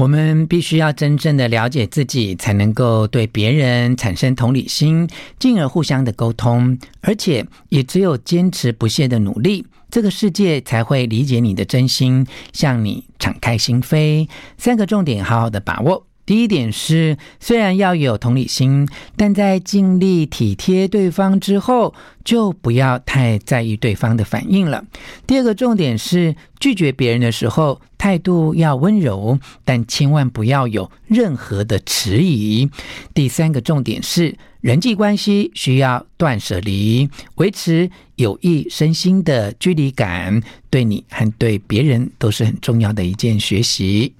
我們必須要真正的了解自己，才能夠對別人產生同理心，進而互相的溝通。而且，也只有堅持不懈的努力，這個世界才會理解你的真心，向你敞開心扉。三個重點，好好的把握。第一點是，雖然要有同理心，但在盡力體貼對方之後，就不要太在意對方的反應了。第二個重點是，拒絕別人的時候態度要溫柔，但千萬不要有任何的遲疑。第三個重點是，人際關係需要斷捨離，維持有益身心的距離感，對你和對別人都是很重要的一件學習。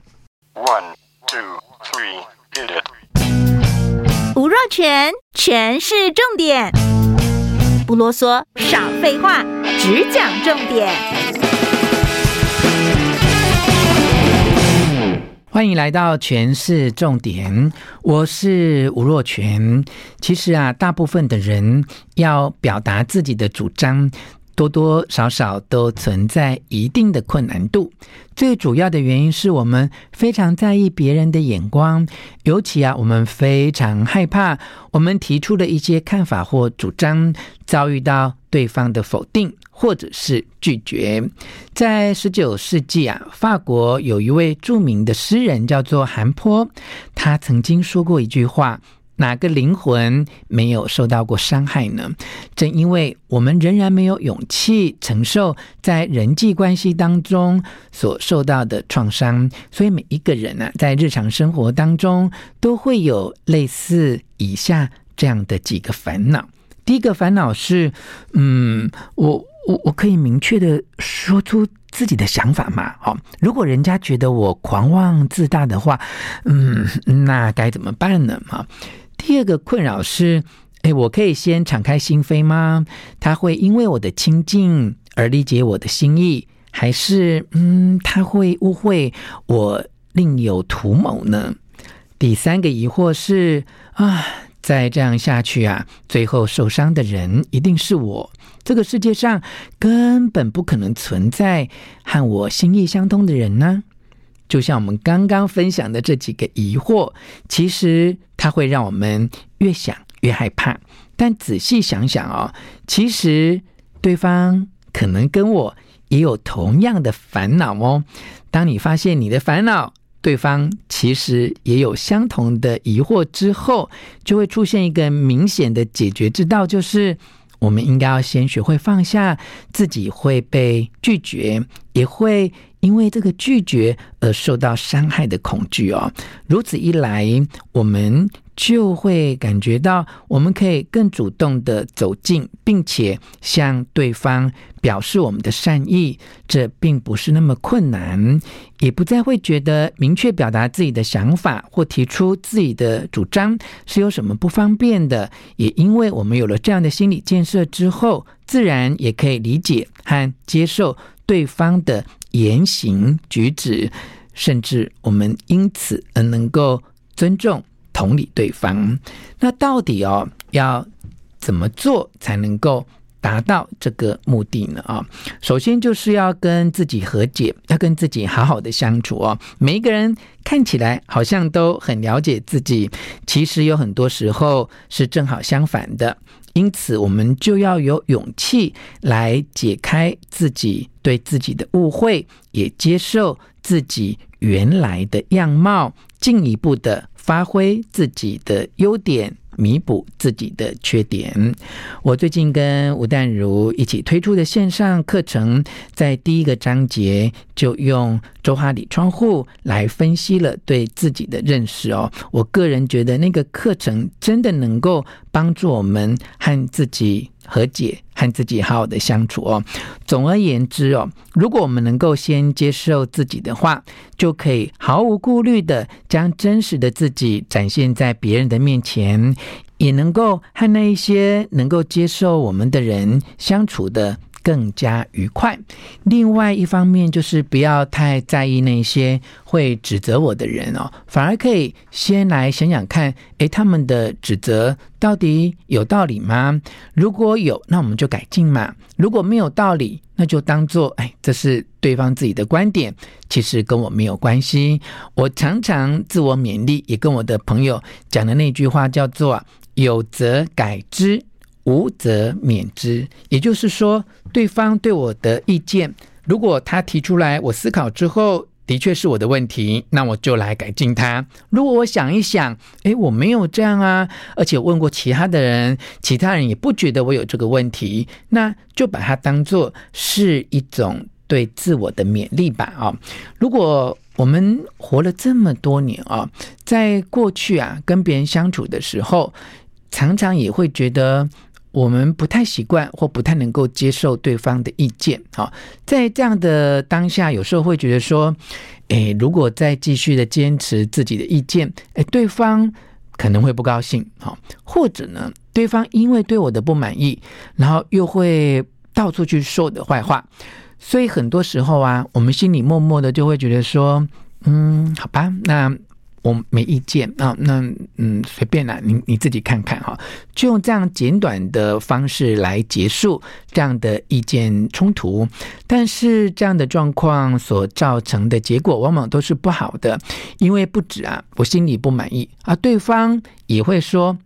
one 吳若權，權式重點，不囉嗦，少廢話，只講重點。歡迎來到權式重點，我是吳若權。其實啊，大部分的人要表達自己的主張。多多少少都存在一定的困難度，最主要的原因是我們非常在意別人的眼光，尤其啊，我們非常害怕我們提出的一些看法或主張遭遇到對方的否定或者是拒絕。在十九世紀啊，法國有一位著名的詩人叫做韓波，他曾經說過一句話。哪個靈魂沒有受到過傷害呢？正因為我們仍然沒有勇氣承受在人際關係當中所受到的創傷，所以每一個人呢、啊，在日常生活當中都會有類似以下這樣的幾個煩惱。第一個煩惱是，嗯，我我我可以明確的說出自己的想法嘛？好、哦，如果人家覺得我狂妄自大的話，嗯，那該怎麼辦呢？哦第二個困擾是，誒，我可以先敞開心扉嗎？他會因為我的親近而理解我的心意，還是嗯，他會誤會我另有圖謀呢？第三個疑惑是啊，再這樣下去啊，最後受傷的人一定是我。這個世界上根本不可能存在和我心意相通的人呢。就像我們剛剛分享的這幾個疑惑，其實它會讓我們越想越害怕。但仔細想想哦,其實對方可能跟我也有同樣的煩惱哦。當你發現你的煩惱，對方其實也有相同的疑惑之後，就會出現一個明顯的解決之道，就是我們應該要先學會放下，自己會被拒絕，也會。因為這個拒絕而受到傷害的恐懼哦，如此一來，我們就會感覺到我們可以更主動的走近，並且向對方表示我們的善意。這並不是那麼困難，也不再會覺得明確表達自己的想法或提出自己的主張是有什麼不方便的。也因為我們有了這樣的心理建設之後，自然也可以理解和接受對方的言行舉止，甚至我們因此而能夠尊重同理對方。那到底哦，要怎麼做才能夠？達到這個目的呢？啊，首先就是要跟自己和解，要跟自己好好的相處哦。每一個人看起來好像都很了解自己，其實有很多時候是正好相反的。因此，我們就要有勇氣來解開自己對自己的誤會，也接受自己原來的樣貌，進一步的發揮自己的優點。彌補自己的缺點。我最近跟吳淡如一起推出的線上課程，在第一個章節就用周哈里窗戶來分析了對自己的認識哦。我個人覺得那個課程真的能夠幫助我們和自己。和解，和自己好好的相處哦。總而言之哦，如果我們能夠先接受自己的話，就可以毫無顧慮的將真實的自己展現在別人的面前，也能夠和那一些能夠接受我們的人相處的。更加愉快。另外一方面，就是不要太在意那些會指責我的人哦，反而可以先來想想看，誒，他們的指責到底有道理嗎？如果有，那我們就改進嘛；如果沒有道理，那就當做，哎，這是對方自己的觀點，其實跟我沒有關係。我常常自我勉勵，也跟我的朋友講的那句話叫做“有則改之”。無則勉之，也就是說，對方對我的意見，如果他提出來，我思考之後，的確是我的問題，那我就來改進他。如果我想一想，誒，我沒有這樣啊，而且問過其他的人，其他人也不覺得我有這個問題，那就把它當做是一種對自我的勉勵吧。啊、哦，如果我們活了這麼多年啊、哦，在過去啊，跟別人相處的時候，常常也會覺得。我們不太習慣或不太能夠接受對方的意見，好，在這樣的當下，有時候會覺得說，誒，如果再繼續的堅持自己的意見，誒，對方可能會不高興，好，或者呢，對方因為對我的不滿意，然後又會到處去說我的壞話，所以很多時候啊，我們心裡默默的就會覺得說，嗯，好吧，那。我沒意見啊，那嗯，隨便啦、啊，你你自己看看哈、啊，就用這樣簡短的方式來結束這樣的意見衝突，但是這樣的狀況所造成的結果往往都是不好的，因為不止啊，我心裡不滿意啊，對方也會說。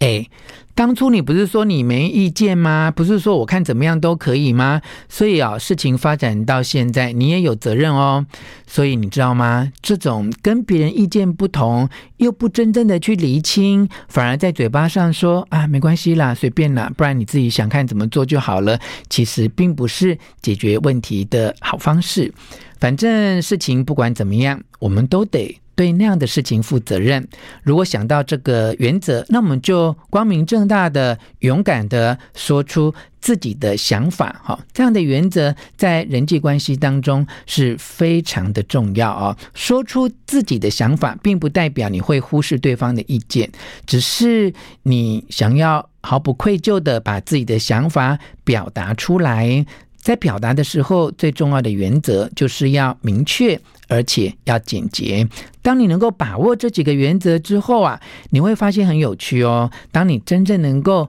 哎、欸，當初你不是說你沒意見嗎？不是說我看怎麼樣都可以嗎？所以啊，事情發展到現在，你也有責任哦。所以你知道嗎？這種跟別人意見不同，又不真正的去釐清，反而在嘴巴上說啊，沒關係啦，隨便啦，不然你自己想看怎麼做就好了。其實並不是解決問題的好方式。反正事情不管怎麼樣，我們都得。對那樣的事情負責任。如果想到這個原則，那我們就光明正大的、勇敢的說出自己的想法。哈、哦，這樣的原則在人際關係當中是非常的重要啊、哦。說出自己的想法，並不代表你會忽視對方的意見，只是你想要毫不愧疚地把自己的想法表達出來。在表達的時候，最重要的原則就是要明確，而且要簡潔。當你能夠把握這幾個原則之後啊，你會發現很有趣哦。當你真正能夠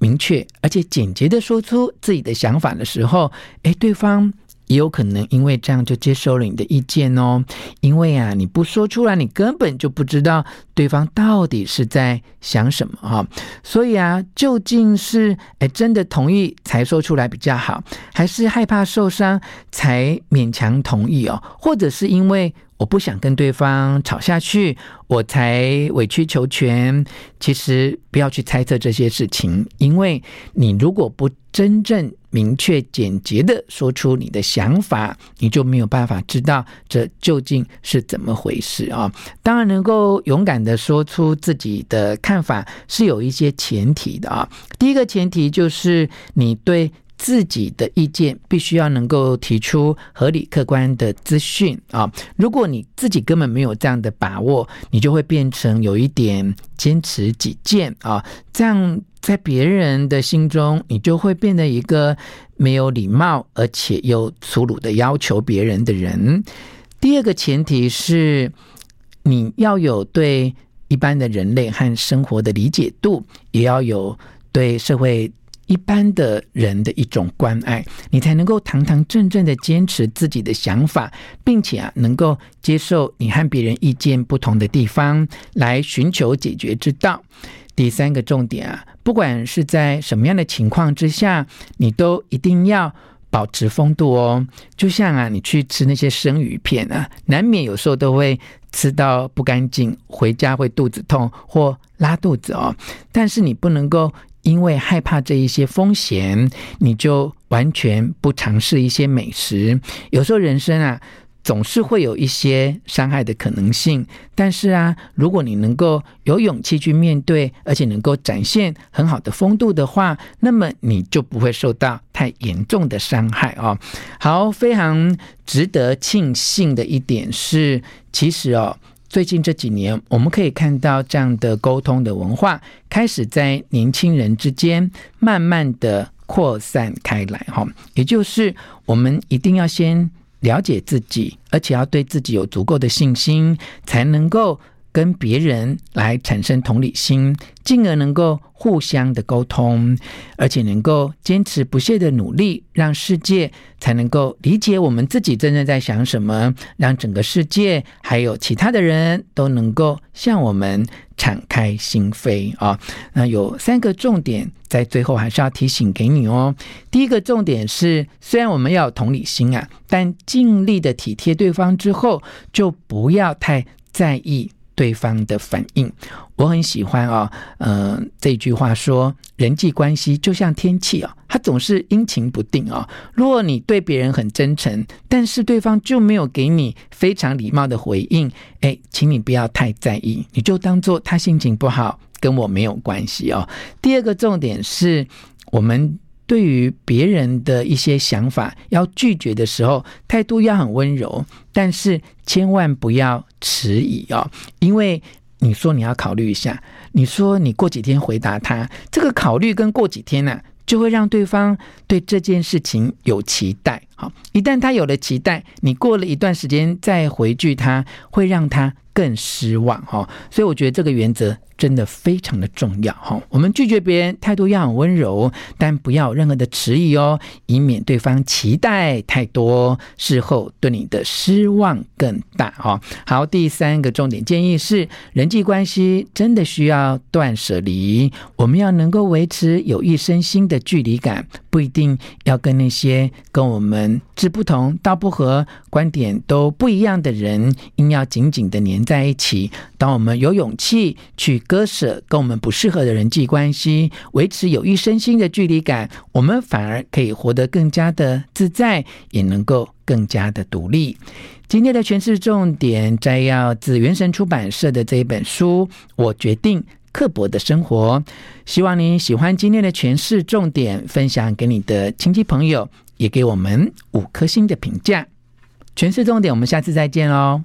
明確而且簡潔的說出自己的想法的時候，哎，對方也有可能因為這樣就接受了你的意見哦。因為啊，你不說出來，你根本就不知道對方到底是在想什麼啊、哦。所以啊，究竟是，誒，真的同意才說出來比較好，還是害怕受傷才勉強同意哦？或者是因為？我不想跟對方吵下去，我才委曲求全。其實不要去猜測這些事情，因為你如果不真正明確、簡潔的說出你的想法，你就沒有辦法知道這究竟是怎麼回事啊。當然，能夠勇敢的說出自己的看法是有一些前提的啊。第一個前提就是你對。自己的意見必須要能夠提出合理客觀的資訊啊！如果你自己根本沒有這樣的把握，你就會變成有一點堅持己見啊、哦！這樣在別人的心中，你就會變得一個沒有禮貌而且又粗魯的要求別人的人。第二個前提是你要有對一般的人類和生活的理解度，也要有對社會一般的人的一種關愛，你才能夠堂堂正正的堅持自己的想法，並且啊，能夠接受你和別人意見不同的地方，來尋求解決之道。第三個重點啊，不管是在什麼樣的情況之下，你都一定要保持風度哦。就像啊，你去吃那些生魚片啊，難免有時候都會吃到不乾淨，回家會肚子痛或拉肚子哦。但是你不能夠。因為害怕這一些風險，你就完全不嘗試一些美食。有時候人生啊，總是會有一些傷害的可能性。但是啊，如果你能夠有勇氣去面對，而且能夠展現很好的風度的話，那麼你就不會受到太嚴重的傷害哦。好，非常值得慶幸的一點是，其實哦。最近這幾年，我們可以看到這樣的溝通的文化開始在年輕人之間慢慢的擴散開來，哈，也就是我們一定要先了解自己，而且要對自己有足夠的信心，才能夠。跟別人來產生同理心，進而能夠互相的溝通，而且能夠堅持不懈的努力，讓世界才能夠理解我們自己真正在想什麼，讓整個世界還有其他的人都能夠向我們敞開心扉啊，哦！那有三個重點，在最後還是要提醒給你哦。第一個重點是，雖然我們要有同理心啊，但盡力的體貼對方之後，就不要太在意。對方的反應，我很喜歡啊、哦，嗯、呃，這句話說，人際關係就像天氣哦，它總是陰晴不定哦。如果你對別人很真誠，但是對方就沒有給你非常禮貌的回應，哎，請你不要太在意，你就當做他心情不好，跟我沒有關係哦。第二個重點是我們。對於別人的一些想法，要拒絕的時候，態度要很溫柔，但是千萬不要遲疑哦。因為你說你要考慮一下，你說你過幾天回答他，這個考慮跟過幾天呢，就會讓對方對這件事情有期待。一旦他有了期待，你過了一段時間再回拒他，會讓他更失望哦，所以我覺得這個原則真的非常的重要哦，我們拒絕別人態度要很溫柔，但不要有任何的遲疑哦，以免對方期待太多，事後對你的失望更大哦。好，第三個重點建議是，人際關係真的需要斷捨離，我們要能夠維持有益身心的距離感，不一定要跟那些跟我們。志不同，道不合，觀點都不一樣的人，應要緊緊的黏在一起。當我們有勇氣去割捨跟我們不適合的人際關係，維持有益身心的距離感，我們反而可以活得更加的自在，也能夠更加的獨立。今天的權式重點摘要自圓神出版社的這一本書，我決定刻薄地生活。希望你喜歡今天的權式重點，分享給你的親戚朋友，也給我們五顆星的評價，權式重點。我們下次再見嘍。